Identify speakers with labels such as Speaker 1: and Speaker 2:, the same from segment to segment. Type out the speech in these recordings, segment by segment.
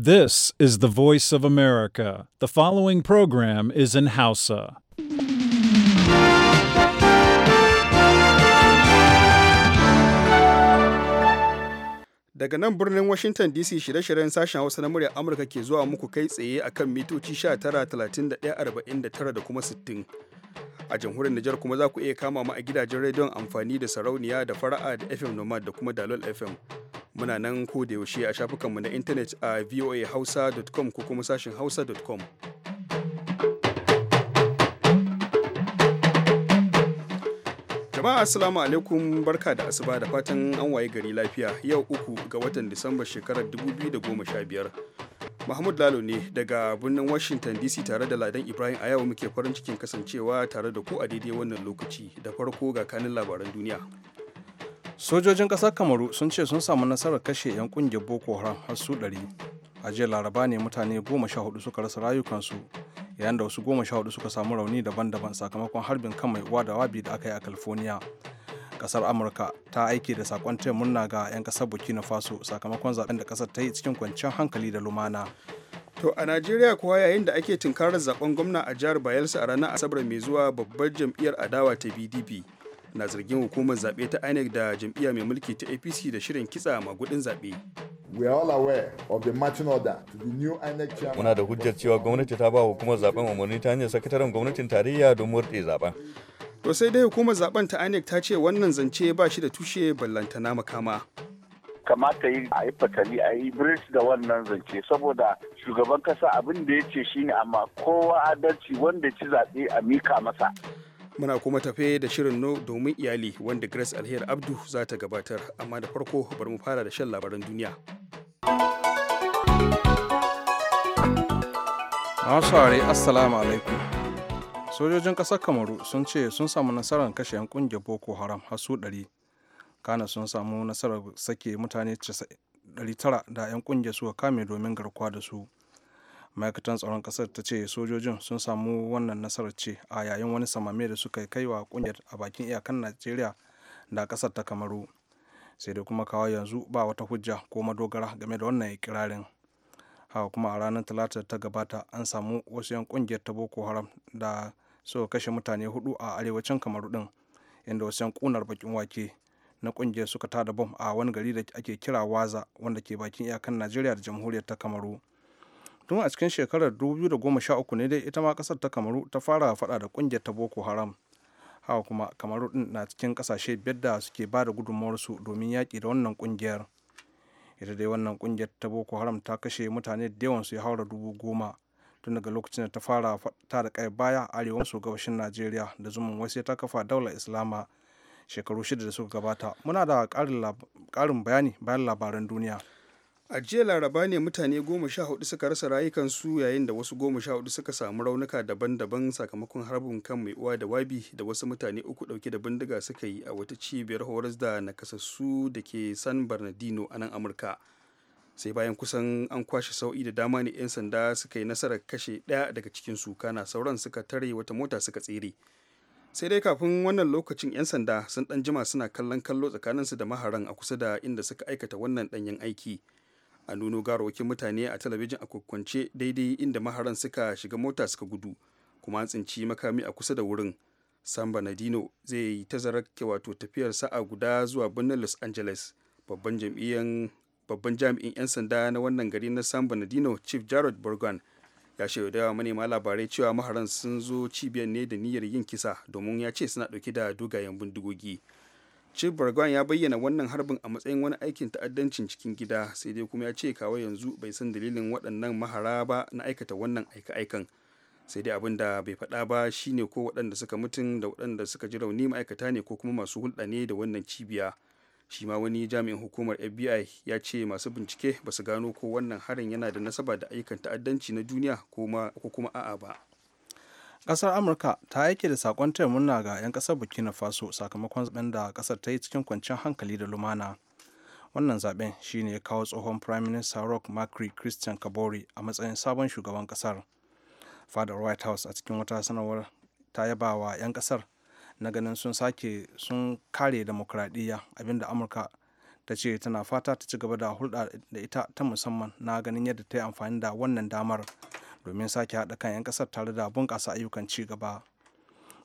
Speaker 1: This is the voice of America. The following program is in Hausa.
Speaker 2: Daga nan birnin Washington DC shirye-shiryen sashen Hausa na muryar Amurka ke zuwa muku kai tsaye a kan mitoci 19,31,49 da kuma 60. A jamhuriyar Nijar kuma za ku iya kama mu a gidajen rediyon amfani da sarauniya da fara'a da FM Nomad da kuma Dalol FM. muna nan ko da yaushe a shafukanmu na intanet a voahausa.com ko kuma sashin hausa.com jama'a assalamu alaikum barka da asuba da fatan an waye gari lafiya yau uku ga watan disamba shekarar 2015 mahmud lalo ne daga birnin washington dc tare da ladan ibrahim a yau muke farin cikin kasancewa tare da ku a daidai wannan lokaci da farko ga kanin labaran duniya
Speaker 3: sojojin kasar kamaru sun ce sun samu nasarar kashe 'yan ƙungiyar boko haram har su 100 a jiya laraba ne mutane goma sha hudu suka rasa rayukansu yayin da wasu goma sha hudu suka samu rauni daban-daban sakamakon harbin kan mai uwa da wabi da aka yi a california kasar amurka ta aiki da sakon taya murna ga 'yan kasar burkina faso sakamakon zaben da kasar ta yi cikin kwanciyar hankali da lumana
Speaker 2: to a najeriya kuwa yayin da ake tunkarar zaben gwamna a jihar bayelsa a ranar asabar mai zuwa babbar jam'iyyar adawa ta pdp na zargin hukumar zaɓe ta INEC da jam'iyya mai mulki ta APC da shirin kitsa magudin zaɓe. We are
Speaker 4: aware of
Speaker 5: Muna da hujjar cewa gwamnati ta ba hukumar zaben umarni ta hanyar sakataren gwamnatin tarayya don murɗe zaben. To sai dai hukumar zaben ta INEC ta ce wannan zance ba shi da tushe
Speaker 6: ballantana makama. kamata yi a yi fatali a yi bridge da wannan zance saboda shugaban kasa abin da ya ce shi ne amma kowa adalci wanda ci zaɓe a mika masa.
Speaker 2: muna kuma tafe da shirin no domin iyali wanda grace alheri abdu za ta gabatar amma da farko bari mu fara da shan labaran duniya
Speaker 3: masu assalamu alaikum sojojin kasar kamaru sun ce sun samu nasarar kashe 'yan kungiyar boko haram har su 100 kana sun samu nasarar sake mutane 900 da 'yan kungiyar suka kame domin garkuwa da su ma'aikatan tsaron kasar ta ce sojojin sun samu wannan nasarar ce a yayin wani samame da suka kai wa kungiyar a bakin iyakan najeriya da kasar ta kamaru sai dai kuma kawo yanzu ba wata hujja ko madogara game da wannan ikirarin haka kuma a ranar talata ta gabata an samu wasu yan kungiyar ta boko haram da suka kashe mutane hudu a arewacin kamaru din inda wasu yan kunar bakin wake na kungiyar suka tada bom a wani gari da ake kira waza wanda ke bakin iyakan najeriya da jamhuriyar ta kamaru tun a cikin shekarar 2013 ne dai ita ma kasar ta kamaru ta fara fada da kungiyar ta boko haram haka kuma kamaru din na cikin kasashe biyar da suke ba da su domin yaƙi da wannan kungiyar ita dai wannan kungiyar ta boko haram ta kashe mutane da yawan su ya haura dubu goma tun daga lokacin da ta fara ta da kai baya arewa maso gabashin najeriya da zumun wasu ta kafa daular islama shekaru shida da suka gabata muna da ƙarin bayani bayan labaran duniya
Speaker 2: a jiya laraba ne mutane goma sha hudu suka rasa rayukansu yayin da wasu goma sha hudu suka samu raunuka daban-daban sakamakon harbin kan mai uwa da wabi da wasu mutane uku dauke da bindiga suka yi a wata cibiyar horas da nakasassu da ke san bernardino a nan amurka sai bayan kusan an kwashe sau'i da dama ne 'yan sanda suka yi nasarar kashe ɗaya daga cikin su kana sauran suka tare wata mota suka tsere sai dai kafin wannan lokacin 'yan sanda sun dan jima suna kallon kallo tsakaninsu da maharan a kusa da inda suka aikata wannan ɗanyen aiki a nuno garowakin mutane a talabijin a kwakwance daidai inda maharan suka shiga mota suka gudu kuma tsinci makami a kusa da wurin san bernardino zai yi tazarar wato tafiyar sa'a guda zuwa birnin los angeles babban jami'in 'yan sanda na wannan gari na san bernardino chief jared burgan ya shaidawa manema labarai cewa maharan sun zo cibiyar ne da niyyar yin kisa domin ya ce suna dauke da dogayen bindigogi Chibrogan ya bayyana wannan harbin a matsayin wani aikin ta'addancin cikin gida sai dai kuma ya ce kawai yanzu bai san dalilin waɗannan mahara ba na aikata wannan aika-aikan. sai dai abin da bai faɗa ba shine ko waɗanda suka mutun da waɗanda suka ji rauni ma'aikata ne ko kuma masu hulɗa ne da wannan cibiya shi ma wani jami'in hukumar fbi ya ce masu bincike ba su gano ko wannan harin yana da nasaba da ayyukan ta'addanci na duniya ko kuma a'a ba
Speaker 3: kasar amurka ta aike da sakon taya murna ga 'yan kasar burkina faso sakamakon zaben da kasar ta yi cikin kwanciyar hankali da lumana wannan zaben shine ya kawo tsohon prime minister rock macri christian kabori a matsayin sabon shugaban kasar fadar white house a cikin wata sanarwar ta yaba wa 'yan kasar na ganin sun sake sun kare demokradiyya abinda amurka ta ce tana fata ta ci gaba da hulɗa da ita ta musamman na ganin yadda ta yi amfani da wannan damar domin sake haɗa kan 'yan ƙasar tare da bunƙasa ayyukan ci gaba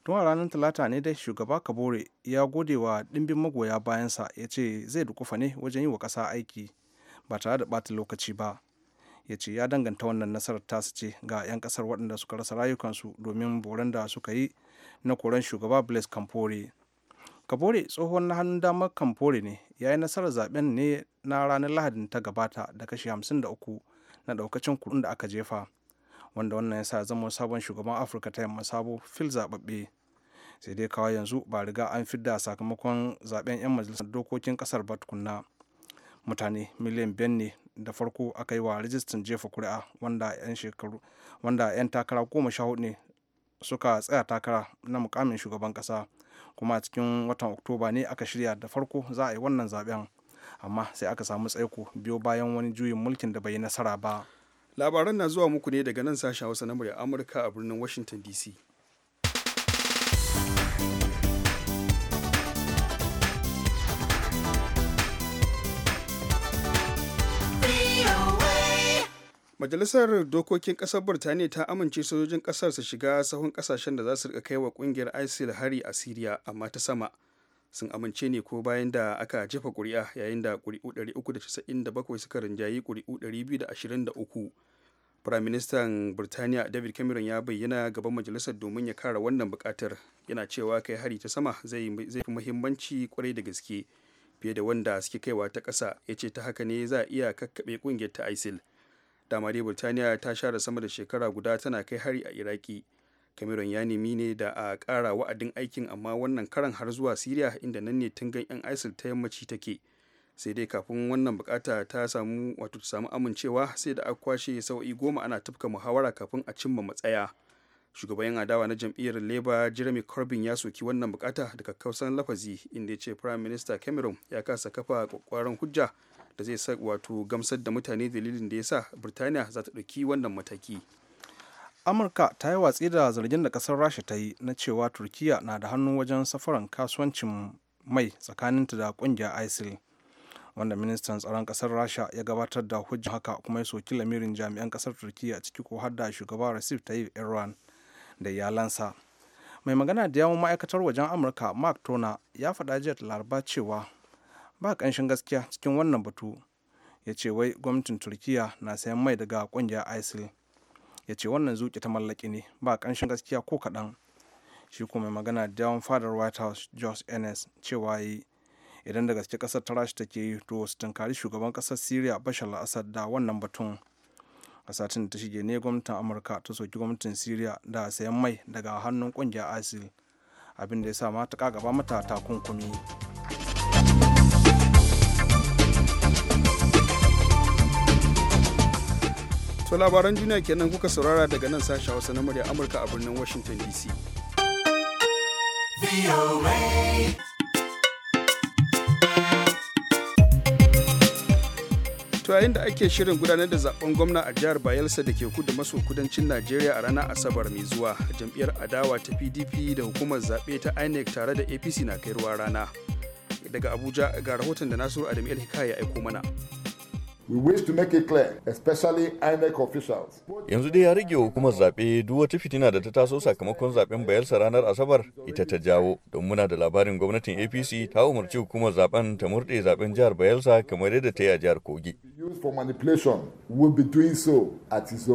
Speaker 3: tun a ranar talata ne dai shugaba kabore ya gode wa ɗimbin magoya bayansa ya ce zai dukufa ne wajen yi wa ƙasa aiki ba tare da ɓata lokaci ba ya ce ya danganta wannan nasarar tasu ce ga 'yan ƙasar waɗanda suka rasa rayukansu domin boran da suka yi na koren shugaba blaise kamfore kabore tsohon na hannun damar kamfore ne ya yi nasarar zaɓen ne na ranar lahadin ta gabata da kashi 53 na ɗaukacin kuɗin da aka jefa wanda wannan ya sa zama sabon shugaban afirka ta yamma sabo fil zababbe sai dai kawai yanzu ba riga an fidda sakamakon zaben 'yan majalisar dokokin kasar ba tukunna mutane miliyan biyan ne da farko aka yi wa rajistan jefa kuri'a wanda 'yan wanda 'yan takara goma sha hudu ne suka tsaya takara na mukamin shugaban kasa kuma cikin watan oktoba ne aka shirya da farko za a yi wannan zaben amma sai aka samu tsaiko biyo bayan wani juyin mulkin da bai yi
Speaker 2: nasara ba labaran na zuwa muku ne daga nan sashen hausa na murya amurka a birnin washington dc majalisar dokokin kasar birtaniya ta amince sojojin kasar su shiga sahun kasashen da za su rika kai wa kungiyar isil hari a siriya amma ta sama sun amince ne ko bayan da aka jefa kuri'a yayin da kuri'u 397 suka rinjayi kuri'u 223 firaministan birtaniya david cameron ya bayyana gaban majalisar domin ya kara wannan bukatar yana cewa kai hari ta sama zai fi muhimmanci kwarai da gaske fiye da wanda suke kaiwa ta ƙasa ya ce ta haka ne za a iya kakkaɓe ƙungiyar ta isil dama dai birtaniya ta share sama da shekara guda tana kai hari a iraki cameron ya nemi ne da a kara wa'adin aikin amma wannan karan har zuwa syria inda nan ne tun gan 'yan isil ta yammaci take sai dai kafin wannan bukata ta samu wato ta samu amincewa sai da aka kwashe sau'i goma ana tafka muhawara kafin a cimma matsaya shugaban adawa na jam'iyyar labour jeremy corbyn ya soki wannan bukata da kakkausan lafazi inda ya ce prime minister cameron ya kasa kafa kwakwaran hujja da zai wato gamsar da mutane dalilin da ya sa birtaniya za ta ɗauki wannan mataki
Speaker 3: amurka ta yi watsi da zargin da kasar rasha ta yi na cewa turkiya na da hannu wajen safaran kasuwancin mai tsakaninta da kungiyar isil wanda ministan tsaron kasar rasha ya gabatar da hujjar haka kuma ya soki lamirin jami'an kasar turkiya ciki ko har da shugaba recep tayyip erdogan da iyalansa mai magana da yawon ma'aikatar wajen amurka mark tona ya faɗa jiya laraba cewa ba ƙanshin gaskiya cikin wannan batu ya ce wai gwamnatin turkiya na sayan mai daga ƙungiyar isil ya ce wannan zuke ta mallaki ne ba ƙanshin gaskiya ko kaɗan shi kuma mai magana da yawan fadar white house george ennis cewa yi idan da gaske ƙasar ta rashi take yi to su tunkari shugaban ƙasar syria bashar al da wannan batun a satin da ta shige ne gwamnatin amurka ta soki gwamnatin syria da sayan mai daga hannun ƙungiyar isil abinda ya sa ma ta kagaba mata takunkumi
Speaker 2: so labaran duniya kenan kuka saurara daga nan sashi hausa na murya amurka a birnin washington dc to yayin da ake shirin gudanar da zaben gwamna a jihar bayelsa da ke kudu maso kudancin najeriya a ranar asabar mai zuwa jam'iyyar adawa ta pdp da hukumar zaɓe ta inec tare da apc na kai ruwa rana daga abuja ga rahoton da nasiru adam el hikaya ya aiko mana
Speaker 5: We wish to
Speaker 4: make it clear, especially INEC
Speaker 5: Yanzu dai ya rage wa hukumar zaɓe duk wata fitina da ta taso sakamakon zaɓen bayelsa ranar Asabar ita ta jawo. Don muna da labarin gwamnatin APC ta umarci hukumar zaɓen ta murɗe zaɓen jihar Bayelsa kamar yadda ta yi a jihar Kogi. Used for manipulation will be doing so at his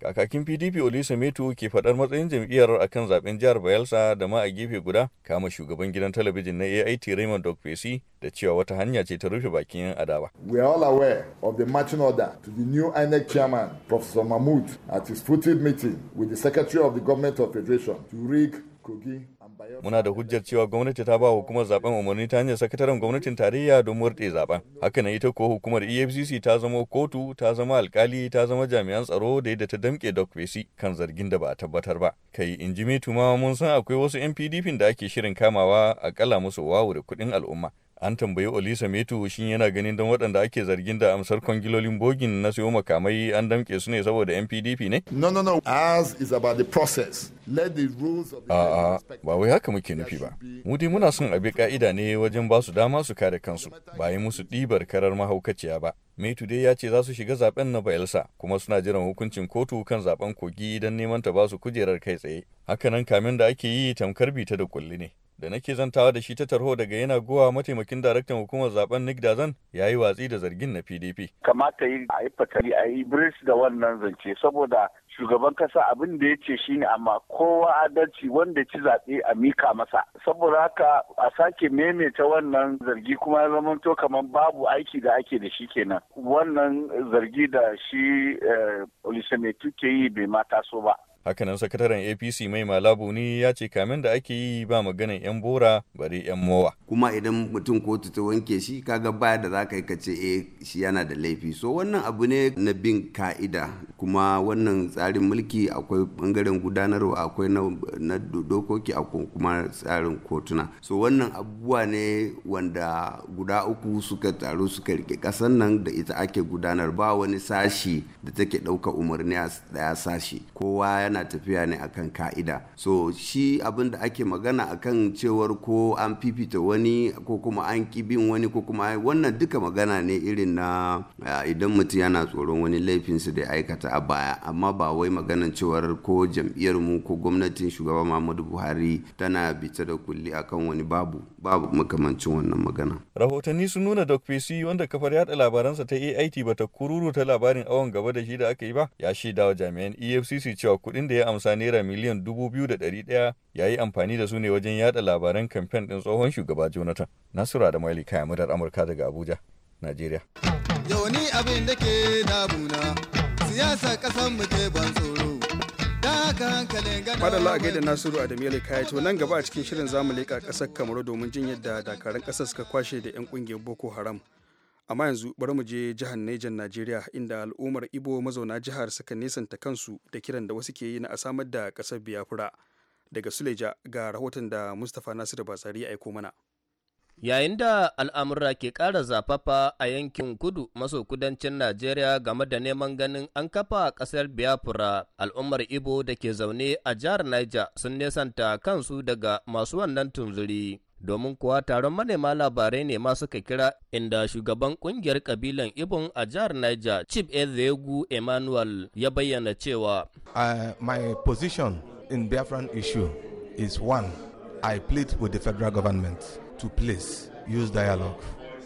Speaker 5: kakakin pdp metu ke faɗar matsayin jam'iyyar akan zaben jihar bayelsa da ma a gefe guda kama shugaban gidan talabijin na ait raymond pesi da cewa wata hanya ce ta rufe bakin yan adawa
Speaker 4: we are all aware of the marching order to the new inec chairman professor mahmud at his footed meeting with the secretary of the government of federation to rig kogi
Speaker 5: Muna da hujjar cewa gwamnati ta ba hukumar zaben umarni ta hanyar sakataren gwamnatin tarayya don murɗe zaben. Haka ita ko hukumar EFCC ta zama kotu, ta zama alkali, ta zama jami'an tsaro da yadda ta damƙe Dokbesi kan zargin da ba a tabbatar ba. Kai in ji mun san akwai wasu 'yan PDP da ake shirin kamawa akalla musu wawu da kuɗin al'umma. an tambayi olisa metu shin yana ganin don waɗanda ake zargin da amsar kwangilolin bogin na siyo makamai an damƙe su ne saboda npdp ne no no no as is about the process
Speaker 4: let the rules of
Speaker 5: the a'a ba wai haka muke nufi ba mu dai muna son abi ka'ida ne wajen ba su dama su kare kansu ba yi musu ɗibar karar mahaukaciya ba metu dai ya ce za su shiga zaben na bayelsa kuma suna jiran hukuncin kotu kan zaben kogi don neman ta ba su kujerar kai tsaye hakanan kamin da ake yi tamkar bita da kulli ne da nake zantawa da shi ta tarho daga yana gowa mataimakin daraktan hukumar zaben Nick Dazan ya yi watsi da zargin na PDP.
Speaker 6: Kamata yi a yi fatali a yi da wannan zance saboda shugaban kasa abin da ya ce shi ne amma kowa adalci wanda ci zaɓe a mika masa saboda haka a sake maimaita wannan zargi kuma ya zamanto kamar babu aiki da ake da shi kenan wannan zargi da shi eh, olisametu ke yi bai ma taso ba
Speaker 5: hakanan sakataren apc mai malabu ne ya ce kamin da ake yi ba maganan yan bora bari yan mowa kuma idan mutum kotu ta wanke
Speaker 7: shi kaga baya da za ka yi kace eh shi yana da laifi so wannan abu ne na bin ka'ida kuma wannan tsarin mulki akwai bangaren gudanarwa akwai na dokoki akwai kuma tsarin kotuna so wannan abubuwa ne wanda guda uku suka taru suka rike kasan nan da ita ake gudanar ba wani sashi da take ɗauka umarni a daya sashi kowa yana tafiya ne akan ka'ida so shi abin da ake magana akan cewar ko an fifita wani ko kuma an kibin wani ko kuma wannan duka magana ne irin na idan mutum yana tsoron wani laifinsu da aikata a baya amma ba wai maganan cewar ko jam'iyyar mu ko gwamnatin shugaba muhammadu buhari tana bita da kulli akan wani babu babu makamancin wannan magana
Speaker 5: rahotanni sun nuna da wanda kafar yada labaransa ta ait bata kururu ta labarin awon gaba da shi da aka yi ba ya da jami'an efcc cewa kuɗin kuɗin da ya amsa naira miliyan dubu biyu da ɗaya ya yi amfani da su ne wajen yada labaran kamfen ɗin tsohon shugaba jonathan nasura da maili kaya madar amurka daga abuja najeriya
Speaker 7: yawani abin da ke damuna siyasa ƙasan mu ban tsoro madalla a
Speaker 5: gaida nasiru adamiyar
Speaker 2: kaya to nan gaba a cikin shirin zamu leƙa ƙasar kamaru domin jin yadda dakarun ƙasar suka kwashe da 'yan ƙungiyar boko haram amma yanzu bari mu je jihar Niger Najeriya inda al'ummar Ibo mazauna jihar suka nesanta kansu da kiran da wasu ke yi na a samar da ƙasar Biafra daga Suleja ga rahoton da Mustapha Nasiru Basari ya aiko mana. Yayin da al'amura
Speaker 7: ke kara zafafa a yankin kudu maso kudancin Najeriya game da neman ganin an kafa ƙasar Biafra, al'ummar Ibo da ke zaune a jihar Niger sun nesanta kansu daga masu wannan tunzuri. domin kuwa taron manema labarai ne ma suka kira inda shugaban kungiyar kabilan ibon a jihar niger chief ezegu emmanuel ya bayyana cewa
Speaker 8: uh, my position in biafran issue is one i plead with the federal government to please use dialogue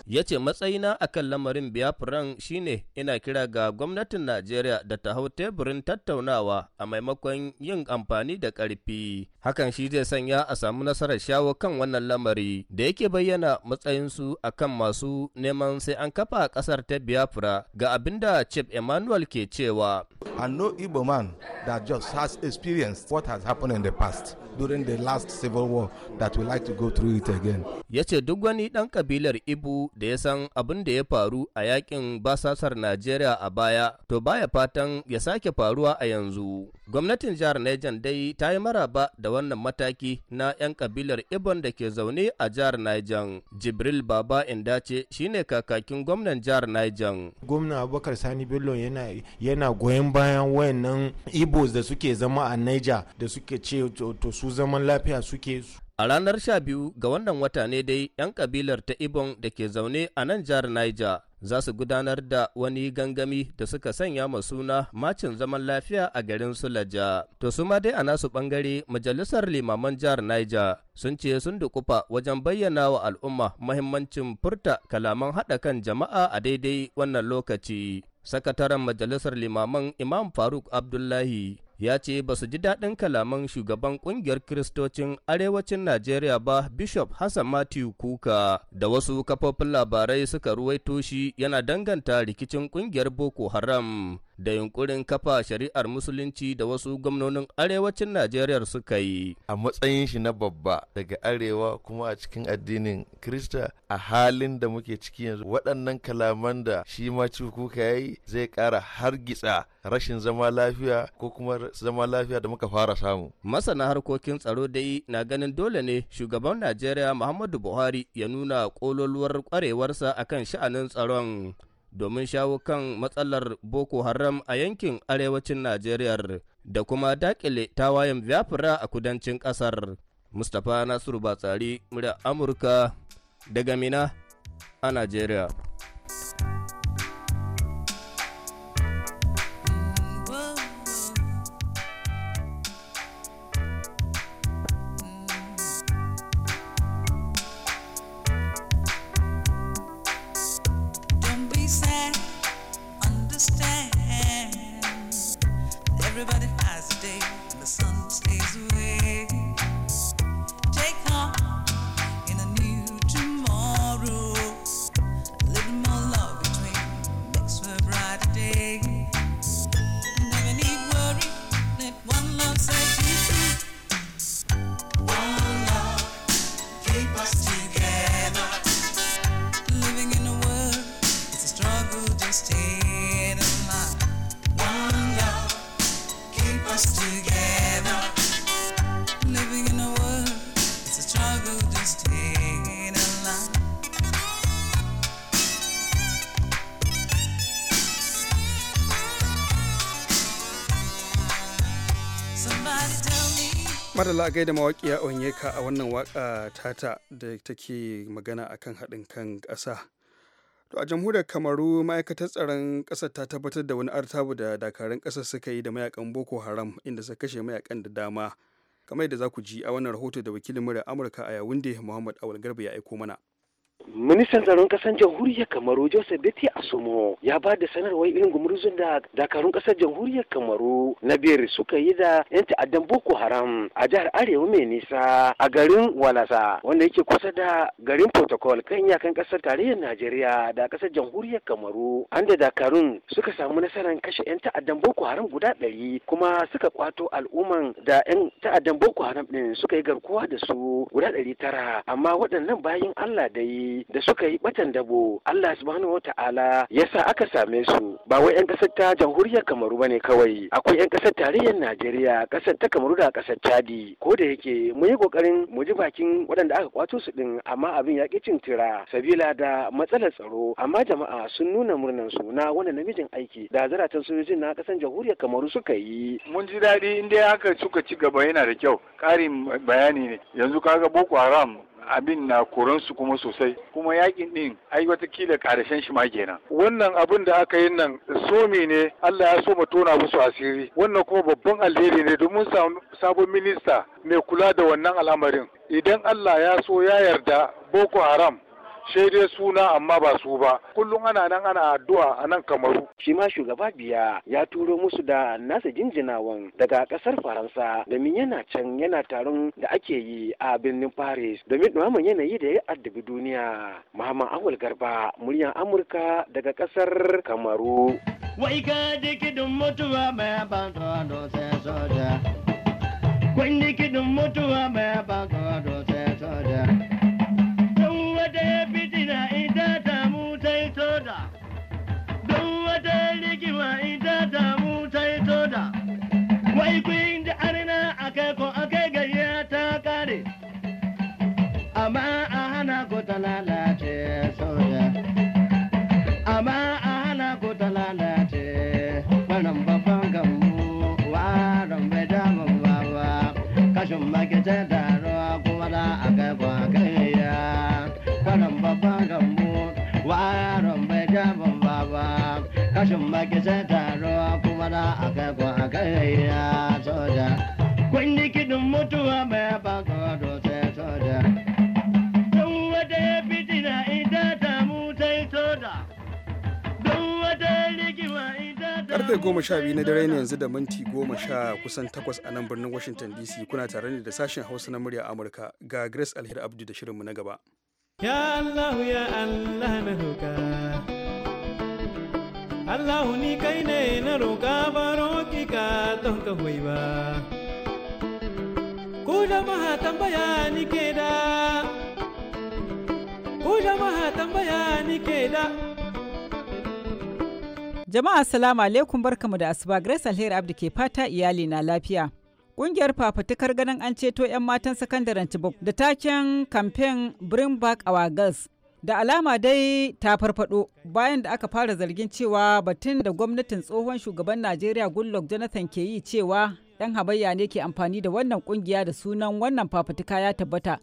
Speaker 7: ya ce matsayina a kan lamarin biafran shine ina kira ga gwamnatin najeriya da ta hau teburin tattaunawa a maimakon yin amfani da ƙarfi hakan shi zai sanya a samu nasarar shawo kan wannan lamari da yake bayyana matsayinsu a kan masu neman sai an kafa ƙasar ta biafra ga abin da chief emmanuel ke cewa
Speaker 8: and no igbo man that just has experienced what has happened in the past during the last civil war that we like to go through it again.
Speaker 7: Ya ce duk wani ɗan kabilar Ibu da ya san abin da ya faru a yakin basasar Najeriya a baya, to baya fatan ya sake faruwa a yanzu. Gwamnatin jihar Niger dai ta yi maraba da wannan mataki na 'yan kabilar Ibon da ke zaune a jihar Niger. Jibril Baba dace shine kakakin gwamnan jihar Niger.
Speaker 9: Gwamna Abubakar Sani Bello yana, yana goyon bayan wayannan Ibos da suke zama a Niger da suke ce to su su zaman
Speaker 8: lafiya suke su.
Speaker 7: A ranar sha biyu ga wannan wata ne dai 'yan kabilar ta Ibon da ke zaune a nan jihar Niger za su gudanar da wani gangami da suka sanya ma suna macin zaman lafiya a garin Sulaja. To su ma dai a nasu bangare majalisar limaman jihar Niger sun ce sun dukufa wajen bayyana wa al'umma mahimmancin furta kalaman haɗa kan jama'a a daidai wannan lokaci. Sakataren majalisar limaman Imam Faruk Abdullahi ya ce ba su ji daɗin kalaman shugaban ƙungiyar kiristocin arewacin Najeriya ba Bishop Hassan Matthew Kuka da wasu kafofin labarai suka ruwaito shi yana danganta rikicin ƙungiyar Boko Haram da yunkurin kafa shari'ar musulunci da wasu gwamnonin arewacin Najeriya suka yi. A matsayin shi na babba daga arewa kuma a cikin addinin Krista a halin da muke ciki yanzu waɗannan kalaman da shi ma kuka ya yi zai ƙara hargitsa rashin zama lafiya ko kuma zama lafiya da muka fara samu. Masana harkokin tsaro dai na ganin dole ne shugaban Najeriya Muhammadu Buhari ya nuna ƙololuwar ƙwarewarsa akan sha'anin tsaron. domin shawo kan matsalar Boko Haram a yankin arewacin Najeriya da kuma dakile tawayen Biafra a kudancin kasar Mustapha Nasiru Batsari, murya Amurka daga Mina a Najeriya.
Speaker 2: madalla gaida mawaƙiya onyeka a wannan waka tata da take magana akan haɗin kan ƙasa to a jamhuriyar kamaru ma'aikatar tsaron ƙasar ta tabbatar da wani artabu da dakarun ƙasar suka yi da mayakan boko haram inda suka kashe mayakan da dama kamar yadda za ku ji a wannan rahoto da wakilin murya amurka a yawunde muhammad awal garba ya aiko mana
Speaker 9: ministan tsaron kasar jamhuriyar kamaru joseph beti asomo ya ba da sanarwar irin gumurzun da dakarun kasar jamhuriyar kamaru na biyar suka yi da yan ta'addan boko haram a jihar arewa mai nisa a garin walasa wanda yake kusa da garin protocol kan iyakan kasar tarayyar najeriya da kasar jamhuriyar kamaru an da dakarun suka samu nasarar kashe yan ta'addan boko haram guda ɗari kuma suka kwato al'umman da yan ta'addan boko haram ɗin suka yi garkuwa da su guda ɗari tara amma waɗannan bayan allah dai da suka yi batan dabo Allah subhanahu ta'ala ya sa aka same su ba wai 'yan ƙasar ta jamhuriyar Kamaru bane kawai akwai 'yan ƙasar tarihin Najeriya ƙasar ta Kamaru da kasar Chadi ko da yake mu yi ƙoƙarin mu ji bakin waɗanda aka kwato su ɗin amma abin ya ƙi cin tira sabila da matsalar tsaro amma jama'a sun nuna murnan su na wani namijin aiki da zaratan sojojin na kasar jamhuriyar Kamaru suka yi. Mun ji daɗi in dai aka suka ci gaba yana da kyau ƙarin
Speaker 4: bayani ne yanzu kaga Boko Haram abin na koransu kuma sosai kuma
Speaker 9: yakin din ai watakila karashen shi ma kenan wannan abin da aka yi nan somi ne Allah ya so mu tona musu asiri wannan kuma babban alheri ne domin sabon minista mai kula da wannan al'amarin idan Allah ya so ya yarda Boko Haram sai dai suna amma ba su ba kullum ana nan ana addu'a a nan kamaru shi ma shugaba biya ya turo musu da nasa jinjinawan daga kasar faransa domin yana can yana taron da ake yi a birnin paris domin ɗumamin yanayi da ya addabi duniya Maman awul garba muryan amurka daga kasar kamaru wai ka mutuwa mai ban sai soja kun mutuwa mai
Speaker 6: soja fitina ita ta mu taito da don wata rigima ita ta mu
Speaker 9: taito da wai kun ji arna akai ko akai gayya ta kare amma a hana ko ta lalace soja amma a hana ko ta lalace wannan babban gamu waron bai damun ba kashin makita da tashin baki sai taro kuma na aka ko aka ya soja kun yi kidin mutuwa mai baka do sai soja don wata ya fitina ita ta mu
Speaker 6: sai soja don wata rigima ita
Speaker 9: ta karfe goma sha biyu
Speaker 2: na dare ne yanzu da minti goma sha kusan takwas a nan birnin washington dc kuna tare ne da sashen hausa na murya amurka ga grace alheri abdu da shirinmu na gaba
Speaker 6: ya allah ya allah na hukar. Allah ni kai ne na roƙa
Speaker 4: baro ki ka don ka hoyi ba. Ku jama'a
Speaker 1: tambaya ni ke da, ku jama'a tambaya ni ke da. Jama'a salamu alaikum barkamu da asuba Grace Alheri Abdi ke fata iyali na lafiya. Ƙungiyar fafutukar ganin an ceto 'yan matan sakandaren Chibok da taken kamfen Bring Back Our Girls da alama dai ta farfado bayan da aka fara zargin cewa batun da gwamnatin tsohon shugaban najeriya goodluck jonathan ke yi cewa yan habayya ne ke amfani da wannan kungiya da sunan wannan fafutuka ya tabbata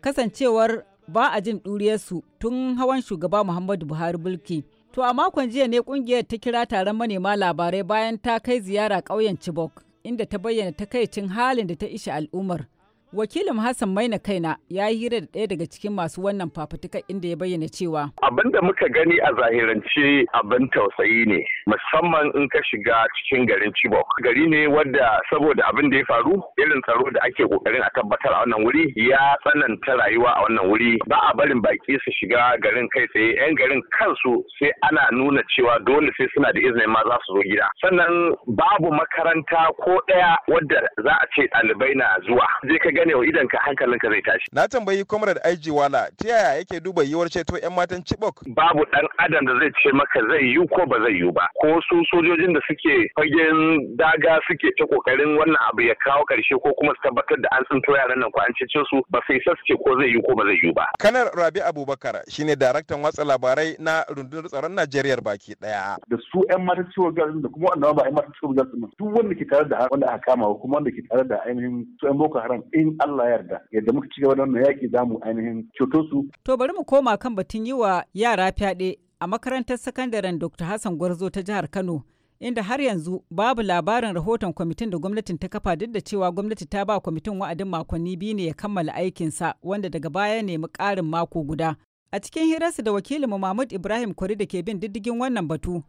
Speaker 1: kasancewar ba a jin ɗuriyarsu tun hawan shugaba muhammadu buhari bulki to a makon jiya ne kungiyar ta kira taron manema labarai bayan ta kai ziyara ƙauyen chibok inda ta bayyana takaicin halin da ta ishe al'ummar Wakilin Hassan Maina kaina ya yi hira da ɗaya daga cikin masu wannan fafutukar inda ya bayyana cewa. Abin
Speaker 4: da muka gani a zahirance abin tausayi ne musamman in ka shiga cikin garin Chibok. Gari ne wadda saboda abin da ya faru irin tsaro da ake kokarin a tabbatar a
Speaker 7: wannan wuri ya tsananta rayuwa a wannan wuri ba a barin baki su shiga garin kai tsaye yan garin kansu sai ana nuna cewa dole sai suna da izinin ma za su zo gida.
Speaker 9: Sannan babu makaranta ko ɗaya
Speaker 4: wadda za a ce ɗalibai na zuwa. ka gane wa idan ka ka zai tashi. Na tambayi Comrade IG Wala ta yaya yake duba yiwuwar ceto 'yan matan Chibok? Babu ɗan adam da zai ce maka zai yi ko ba zai yiwu ba. Ko su
Speaker 8: sojojin da suke
Speaker 6: fagen daga suke ta kokarin wannan abu ya kawo karshe ko kuma su tabbatar da an to yaran nan ko an cece su ba sai sa suke ko zai yi ko ba zai yi ba.
Speaker 4: Kanar Rabi Abubakar shine daraktan watsa labarai na rundunar tsaron Najeriya baki daya Da su 'yan matan Chibok da kuma wanda ba 'yan matan
Speaker 8: Chibok duk wanda ke tare da wanda aka kama kuma wanda ke tare da ainihin su 'yan Boko Haram in in Allah yarda yadda muka ci da wannan yaki za mu ainihin ceto su.
Speaker 1: To bari mu koma kan batun yi wa yara fyaɗe a makarantar sakandaren Dr. Hassan Gwarzo ta jihar Kano. Inda har yanzu babu labarin rahoton kwamitin da gwamnatin ta kafa duk da cewa gwamnati ta ba kwamitin wa'adin makonni biyu ne ya kammala aikinsa wanda daga baya nemi ƙarin mako guda. A cikin hirarsa da wakilinmu Mahmud Ibrahim kori da ke bin diddigin wannan batu,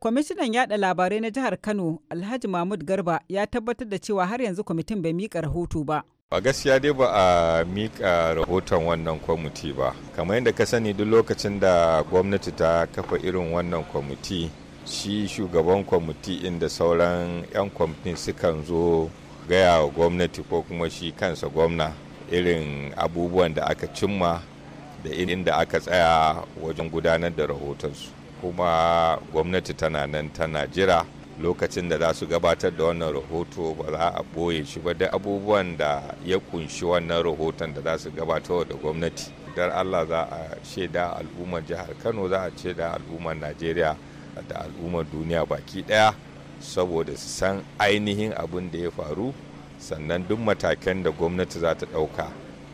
Speaker 1: kwamishinan yada labarai na jihar kano alhaji mahmud garba ya tabbatar da cewa har yanzu kwamitin bai miƙa rahoto ba
Speaker 4: a gaskiya dai ba a mika rahoton wannan kwamiti ba kamar yadda ka sani duk lokacin da gwamnati ta kafa irin wannan kwamiti shi shugaban kwamiti inda sauran 'yan kwamiti sukan zo gaya wa gwamnati ko kuma shi kansa gwamna irin abubuwan da aka cimma da inda aka tsaya wajen gudanar da rahotonsu kuma gwamnati tana nan tana jira lokacin da za su gabatar da wannan rahoto ba za a ɓoye shi ba da abubuwan da ya kunshi wannan rahoton da za su gabatar da gwamnati dar allah za a shaida al'ummar jihar kano za a shaida al'ummar najeriya da al'ummar duniya baki ɗaya saboda su san ainihin abin da ya faru sannan duk matakan da gwamnati za ta ɗauka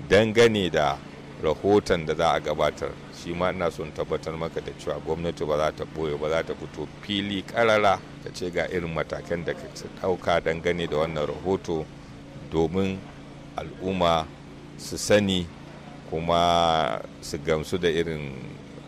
Speaker 4: dangane da rahoton da za a gabatar shi ma ina son tabbatar maka da cewa gwamnati ba za ta boye ba za ta fito fili karara ta ce ga irin matakan da ta ɗauka dangane da wannan rahoto domin al'umma su sani kuma su gamsu da irin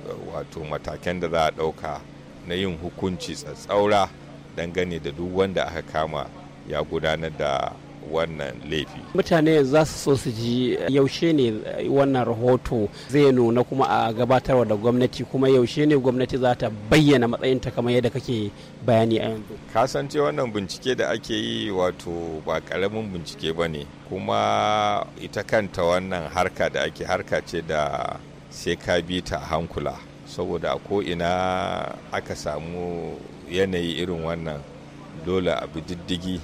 Speaker 4: eh, wato matakan da za a ɗauka na yin hukunci tsatsaura dangane da duk wanda aka kama ya gudanar da wannan laifi
Speaker 1: mutane za su so su ji yaushe ne wannan rahoto zai nuna kuma a gabatarwa da gwamnati kuma yaushe ne gwamnati za ta bayyana matsayinta kamar yadda kake bayani a yanzu
Speaker 4: kasance wannan bincike da ake yi wato ba karamin bincike ba ne kuma ita kanta wannan harka da ake harka ce da sai ka bi ta hankula saboda a ko ina aka samu yanayi irin wannan dole a bi diddigi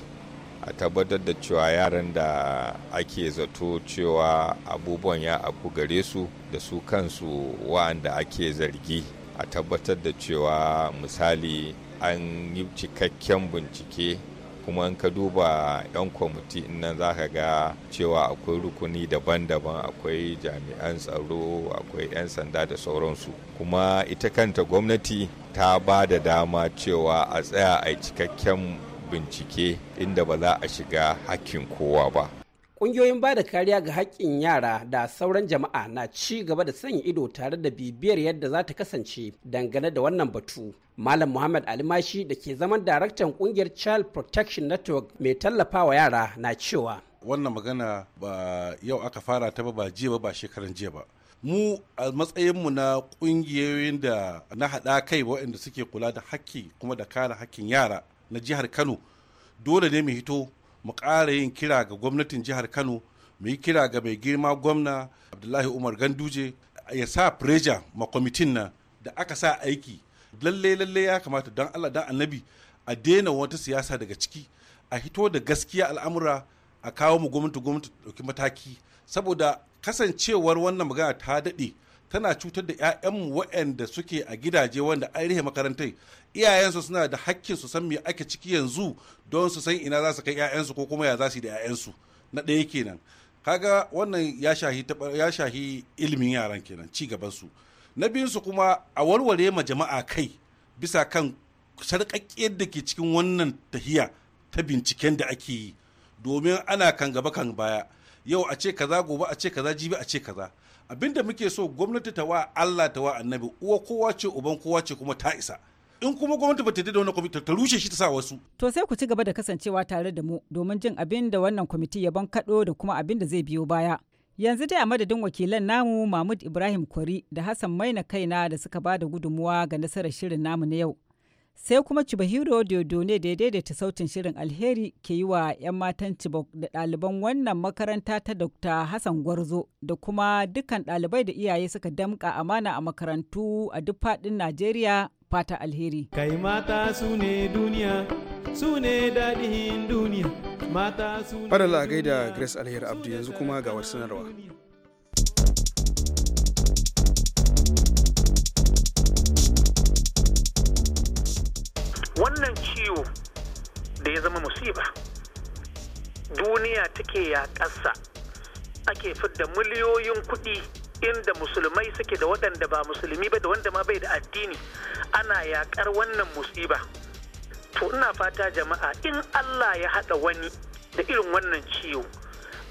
Speaker 4: a tabbatar da cewa yaran da ake zato cewa abubuwan ya abu gare su da su kansu wa'anda ake zargi a tabbatar da cewa misali an yi cikakken bincike kuma in ka duba 'yan kwamiti nan za ka ga cewa akwai rukuni daban-daban akwai jami'an tsaro akwai 'yan sanda da sauransu kuma ita kanta gwamnati ta ba da dama cewa a tsaya a cikakken bincike inda ba za a shiga hakkin kowa ba
Speaker 1: Ƙungiyoyin ba da kariya ga haƙƙin yara da sauran jama'a na ci gaba da sanya ido tare da bibiyar yadda za ta kasance dangane da wannan batu. Malam Muhammad Alimashi da ke zaman daraktan ƙungiyar Child Protection Network mai tallafa wa yara na cewa. Wannan magana ba yau
Speaker 8: aka fara ta ba ba jiya ba ba shekaran jiya ba. mu a matsayinmu na ƙungiyoyin da na haɗa kai waɗanda suke kula da haƙƙi kuma da kare haƙƙin yara na jihar kano dole ne mu hito mu ƙara yin kira ga gwamnatin jihar kano mu yi kira ga mai girma gwamna abdullahi umar ganduje ya sa preja ma kwamitin nan da aka sa aiki lalle lalle ya kamata don allah dan annabi a daina wata siyasa daga ciki a hito da gaskiya al'amura a kawo mu gwamnati gwamnati ɗauki mataki saboda kasancewar wannan magana ta daɗe tana cutar da 'ya'yanmu waɗanda suke a gidaje wanda an rihe makarantai iyayensu suna da hakkin su san me ake ciki yanzu don su san ina za su kai 'ya'yansu ko kuma ya za su da 'ya'yansu na ɗaya kenan kaga wannan ya shahi ya shahi ilimin yaran kenan ci gaban su na biyun su kuma a warware ma jama'a kai bisa kan sarƙaƙƙiyar da ke cikin wannan tahiya ta binciken da ake yi domin ana kan gaba kan baya yau a ce kaza gobe a ce kaza jibi a ce kaza abinda muke so gwamnati ta wa Allah ta wa annabi uwa kowa ce uban kowa ce kuma ta isa in kuma gwamnati ba ta da wannan kwamiti ta rushe shi ta sa wasu
Speaker 1: to sai ku ci gaba da kasancewa tare da mu domin jin abin da wannan kwamiti ya bankaɗo da kuma abin da zai biyo baya yanzu dai a madadin wakilan namu mahmud ibrahim kwari da hassan maina kaina da suka ba da gudunmuwa ga nasarar shirin namu na yau sai kuma Chibahiro daidai da ya daidaita sautin shirin alheri ke yi wa 'yan matan Chibok da ɗaliban wannan makaranta ta Dr. Hassan Gwarzo da kuma dukkan ɗalibai da iyaye suka damƙa amana a makarantu a duk faɗin Najeriya fata alheri. Kai mata su
Speaker 6: ne duniya,
Speaker 1: su ne
Speaker 2: daɗin duniya, mata su ne Fadala gaida Alheri Abdu yanzu kuma sanarwa.
Speaker 6: wannan ciwo da ya zama musiba duniya take ya ƙasa ake fidda miliyoyin kuɗi inda musulmai suke da waɗanda ba musulmi ba da wanda ma bai da addini ana yaƙar wannan musiba to ina fata jama'a in allah ya haɗa wani da irin wannan ciwo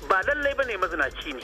Speaker 6: ba lallai ba ne mazinaci ne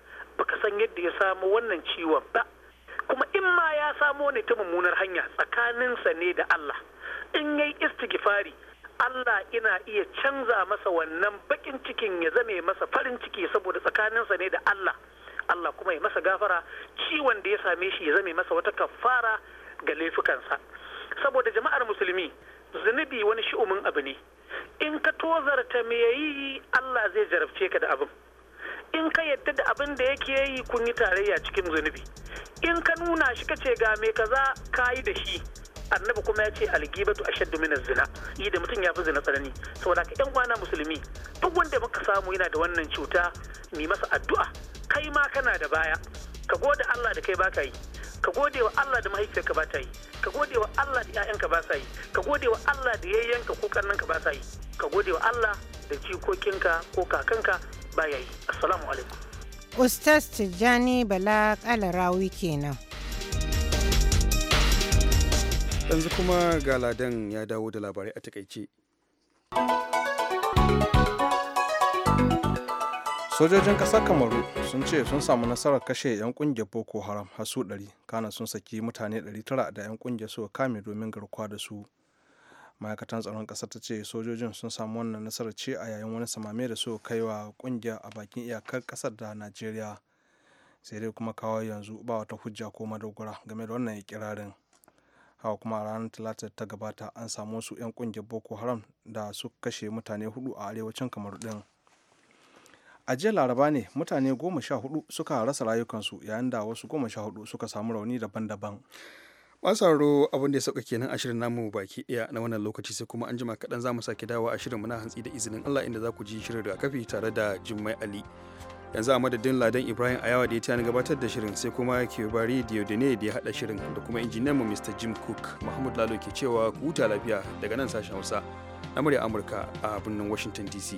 Speaker 6: baka san yadda ya samu wannan ciwon ba kuma in ma ya samo ne ta mummunar hanya tsakaninsa ne da Allah in yayi istighfari Allah ina iya canza masa wannan bakin cikin ya zame masa farin ciki saboda tsakaninsa ne da Allah Allah kuma ya masa gafara ciwon da ya same shi ya zame masa wata kafara ga laifukansa saboda jama'ar musulmi zunubi wani shi'umin abu ne in ka tozarta me yayi Allah zai jarabce ka da abin in ka yadda da abin da yake yi kun yi tarayya cikin zunubi in ka nuna shi ka ce ga me kaza ka yi da shi annabi kuma ya ce algibatu ashaddu min zina yi da mutum ya fi zina tsanani saboda ka yan kwana musulmi duk wanda muka samu yana da wannan cuta mi masa addu'a kai ma kana da baya ka gode Allah da kai baka yi ka gode wa Allah da mahaifiyarka ba ta yi ka gode wa Allah da 'ya'yanka ba sa yi ka gode wa Allah da yayyanka ko karnanka ba sa yi ka gode wa Allah da jikokinka ko kakanka baya alaikum
Speaker 1: ustaz tijjani bala kalarawi kenan
Speaker 2: yanzu kuma ga ladan ya dawo da labarai a takaice sojojin ƙasar kamaru sun ce sun samu nasarar
Speaker 3: kashe 'yan kungiyar boko haram har su 100 kana sun saki mutane 900 da 'yan kungiyar suka kame domin garkuwa da su ma'aikatan tsaron ƙasar ta ce sojojin sun samu wannan nasarar ce a yayin wani samame da suka kai wa ƙungiyar a bakin iyakar kasar da najeriya sai dai kuma kawo yanzu ba wata hujja ko madogara game da wannan ikirarin hawa kuma a ranar talata ta gabata an samu su 'yan ƙungiyar boko haram da suka kashe mutane hudu a arewacin kamar din a jiya laraba ne mutane goma sha hudu suka rasa rayukansu yayin da wasu goma sha hudu suka samu rauni daban-daban
Speaker 2: masaro abin da ya sauka kenan a shirin namu baki daya na wannan lokaci sai kuma an jima kaɗan za mu sake dawo a shirinmu na hantsi da izinin Allah inda za ku ji shirin kafi tare da Jummai Ali. Yanzu a madadin Ladan Ibrahim Ayawa da ya tana gabatar da shirin sai kuma Kebari Diodene da ne ya haɗa shirin da kuma injiniyan mu Mr. Jim Cook Muhammad Lalo ke cewa ku huta lafiya daga nan sashen Hausa na murya Amurka a birnin Washington DC.